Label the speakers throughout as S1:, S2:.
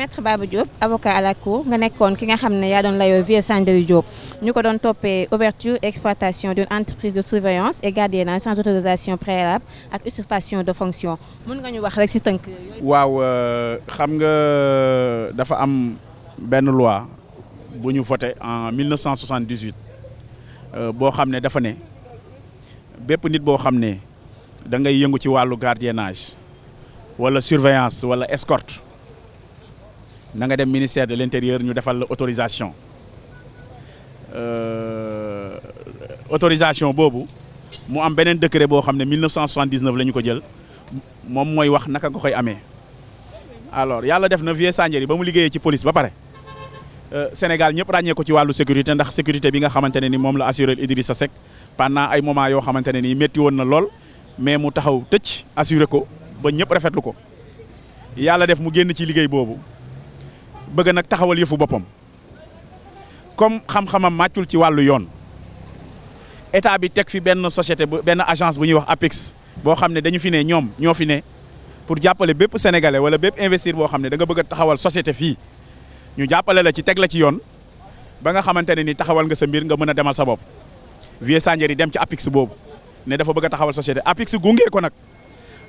S1: Maître Baba Diop avocat à la cour nga nekkone ki nga xamné ya yaa layo vie vieux Diop Ñuko ko topé ouverture exploitation d'une entreprise de surveillance et gardiennage sans autorisation préalable ak usurpation de fonction mën nga ñu wax rek ci teunk
S2: waaw euh, xam nga euh, dafa am ben loi bu ñu voté en 1978 euh, boo xam ne dafa né bép nit bo xamné da ngay yëngu ci walu gardiennage wala surveillance wala escorte na nga dem ministère de l'intérieur ñu defal la autorisation euh, autorisation bobu mu am benen décret bo xamné 1979 lañu ko jël mom moy wax naka nga koy alors yalla def na Vieux ba mu liggéeyee ci police ba pare euh, Sénégal ñëpp ràññee ko ci walu sécurité ndax sécurité bi nga xamante ne ni la assurer Idrissa Seck pendant ay moment yo xamante ne ni na lool mais mu taxaw tecc assurer ko ba ñëpp rafetlu ko yalla def mu génn ci liggéey bobu bëgg nag taxawal yëfu boppam comme xam-xamam màccul ci wàllu yoon état bi teg fi benn société bu benn agence bu ñuy wax APEX boo xam ne dañu fi ne ñoom ñoo fi ne pour jàppale bépp sénégale wala bépp investir boo xam ne da nga bëgg a taxawal société fii ñu jàppale la ci teg la ci yoon ba nga xamante ne ni taxawal nga sa mbir nga mën a demal sa bopp Vieux Sandiary dem ci APEX boobu ne dafa bëgg a taxawal société APEX gunge ko nag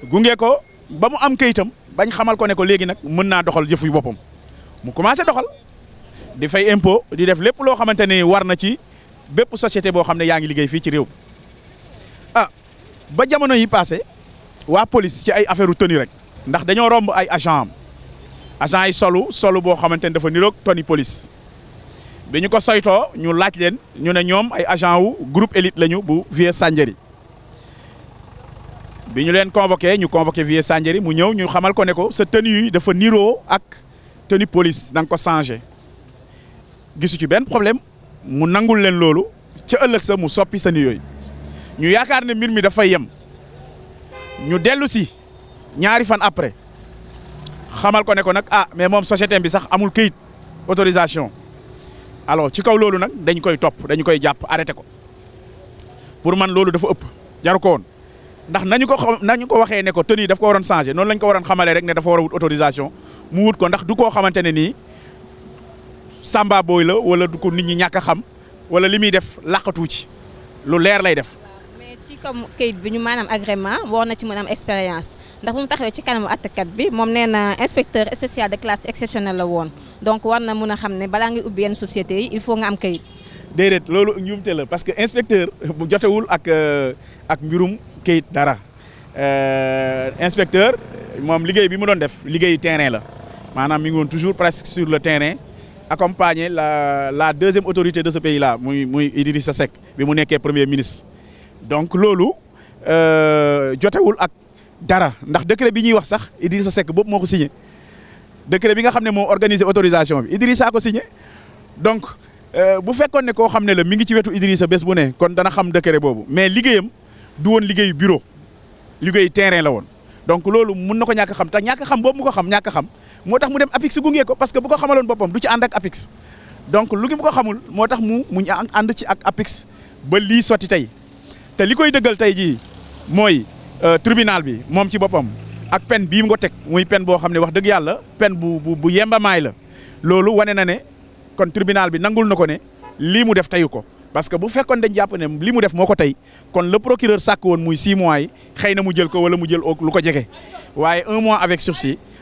S2: gunge ko ba mu am kayitam bañ xamal ko ne ko léegi nag mën naa doxal jëfu boppam. mu commencé doxal di fay impôt di def lépp loo xamante war ci bépp société boo ne yaa ci ah ba jamono yi passé police ci ay affaire tenue rek ndax dañoo romb ay agent agent yi solu solu boo xamante dafa niroog tenue police bi ko soytoo ñu laaj leen ñu ne ñoom ay agent groupe élite lañu bu Vieux Sandiary bi ñu leen convoqué ñu convoqué Vieux Sandiary mu ñëw ñu xamal ko ne ko tenue yi ak tenue police da nga ko changé gisu ci benn problème mu nangul len lolu ci ëllëg sa mu soppi ni yoy ñu yaakaar ne mbir mi dafay yem ñu delu ci ñaari fan après xamal ko ne ko nak ah mais mom société bi sax amul keuyit autorisation alors ci kaw lolu nak dañ koy top, dañ koy japp arrêté ko pour man lolu dafa ëpp jaru ko ndax nañu ko nañu ko waxé né ko tenue daf ko waroon changer noonu lañ ko waroon xamalé rek né dafa war wut autorisation mu wut ko ndax du ko xamante ni samba boy la wala du ko nit ñi ñaka xam wala limi def laqatu ci lu leer lay def.
S1: mais ci comme kayit bi ñu manam agrément war na ci mën am expérience ndax bu mu taxawee ci kanamu attakat bi mom néna inspecteur spécial de classe exceptionnelle la woon donc war na mëna xam né balaa ngi ubbi yenn sociétés yi il faut nga am kayit.
S2: dédét lolu ñum la parce que inspecteur bu jotewul ak euh, ak mbirum këyit dara euh, inspecteur mon liggéey bi mu doon def liggéey terrain la maanaam mi ngi toujours presque sur le terrain accompagner la la deuxième autorité de ce pays là muy muy Idrissa Seck bi mu nekkee premier ministre donc loolu euh, jotewul ak dara ndax décret bi ñuy wax sax Idrissa Seck boobu moo ko décret bi nga xam ne moo organisé autorisation bi Idrissa a signé donc euh, bu fekkoon ne koo xam ne la mi ngi ci wetu Idrissa bés bu ne kon dana xam décret boobu mais liggéeyam. du woon liggéeyu bureau liggéeyu terrain la won donc lolu mën nako ko xam ta ñàkk xam bo mu ko xam ñàkk xam motax mu dem apix gunge ko parce que bu ko xamalon bopam du ci and ak apix donc lu gi mu ko xamul motax mu mu and ci ak apix ba li soti tay te likoy deugal tay ji moy euh, tribunal bi mom ci bopam ak peine bi mu ko teg muy peine bo xam wax deug yalla peine bu bu bu may la lolu wané na né kon tribunal bi nangul nako né ne mu def tayuko parce que bu vous dañ jàpp ne li def le procureur Sakoun, mois un mois avec sursis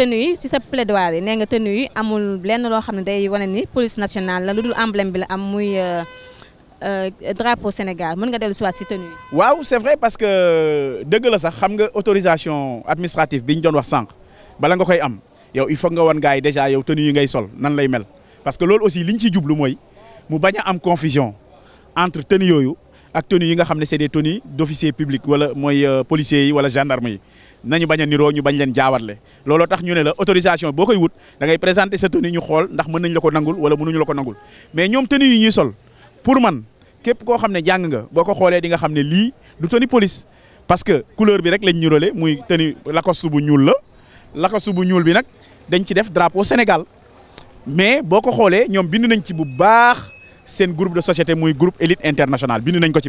S1: tenue c'est ci sa plaidoirie nee nga tenue amul lenn lo xam day wone ni police nationale la lu emblème bi la am muy euh, euh, drapeau Sénégal mën nga dellu ci waat si tenue
S2: waaw c'est vrai parce que deug la sax xam nga autorisation administrative biñ don doon wax sank bala nga koy am yow il faut nga won gars déjà yow tenue yi ngay sol nan lay mel parce que loolu aussi liñ ci djublu moy mu baña am confusion entre tenue yoyu ak tenues yi nga xamné c'est des tenues d'officier public wala moy euh, policier yi wala gendarme yi nañu baña niro ñu bañ leen jaawarle lolo tax ñu né la autorisation boo koy wut da ngay présenter sa tenue ñu xol ndax mën nañ la ko nangul wala mënuñu la ko nangul mais ñom tenue yi ñi sol pour man képp ko xamné jang nga boko xolé di nga xamné li du tenue police parce que couleur bi rek lañ nirole muy tenue Lacoste bu ñuul la Lacoste bu ñuul bi nak dañ ci def drapeau Sénégal mais boko xolé ñom bind nañ ci bu baax un groupe de société un groupe élite international nañ ko ci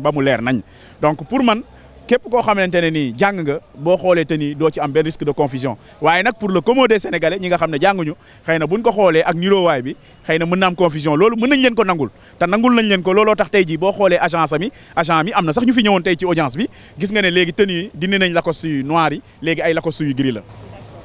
S2: donc pour man képp ko vous ni jang nga bo xolé do ci risque de confusion pour le commode sénégalais ñi nga xamné buñ ko xolé bi na am confusion loolu mën nañ leen ko nangul ta nangul nañ leen ko tax agence ami agent sax ñu fi tay ci audience bi gis nga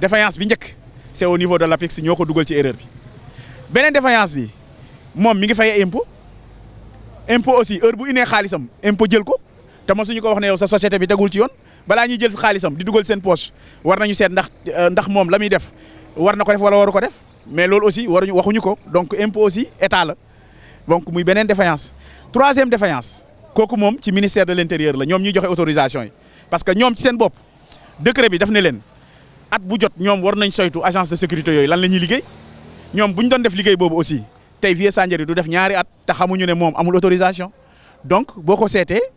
S2: défaillance bi c'est au niveau de l'APEX ñoko duggal ci erreur bi benen défaillance bi mom mi ngi fay impôt impôt aussi heure bu inee xaalisam impôt jël ko ma suñu ko wax né yow sa société bi tegul ci yoon bala ñi jël xaalisam di duggal sen poche war nañu sét ndax euh, ndax mom la def war na ko def wala waru ko def mais lool aussi waruñu waxuñu ko donc impôt aussi état la donc muy benen défaillance troisième défaillance koku mom ci ministère de l'intérieur la ñom ñuy joxe autorisation yi parce que ñom ci sen bop décret bi daf ne leen at bu jot ñom war nañ soytu agence de sécurité yoy lan lañuy ñuy liggéey ñoom bu doon def liggéey bobu aussi tay vie Sandiary du def ñaari at ta xamuñu ne mom amul autorisation donc boko ko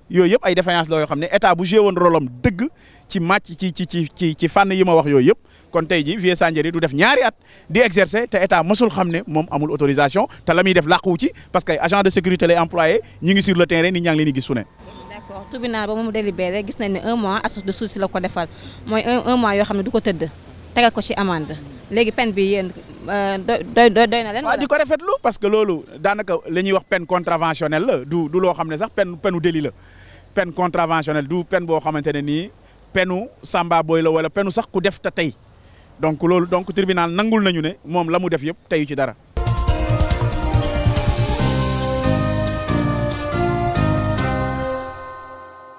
S2: yoy yep ay défaillance lo yoo xam état bu joué woon rôle am dëgg ci match ci ci ci ci ci fànn yi ma wax yoy yep kon tay ji vie Sandiary du def ñaari at di exercer te état mësul xamné mom amul autorisation ta la def làquwu ci parce que agent de sécurité lay employé ñi ngi sur le terrain ni ñaa ngi leen di gis su ne
S1: accord tribunal ba moom délibéré gis nañ ne un mois assos de sursis la ko defal mooy un mois yoo xam ne du ko tëdd tegal ko ci amende léegi peine bi yéen euh, doy doy
S2: na leen. waaw parce que loolu daanaka la ñuy wax peine contraventionnelle la du du loo xam ne sax peine peine délit la peine contraventionnelle du peine boo xamante ne nii penu samba boy la wala penu sax ku def te tey donc loolu donc tribunal nangul nañu ne moom la mu def yëpp teyu ci dara.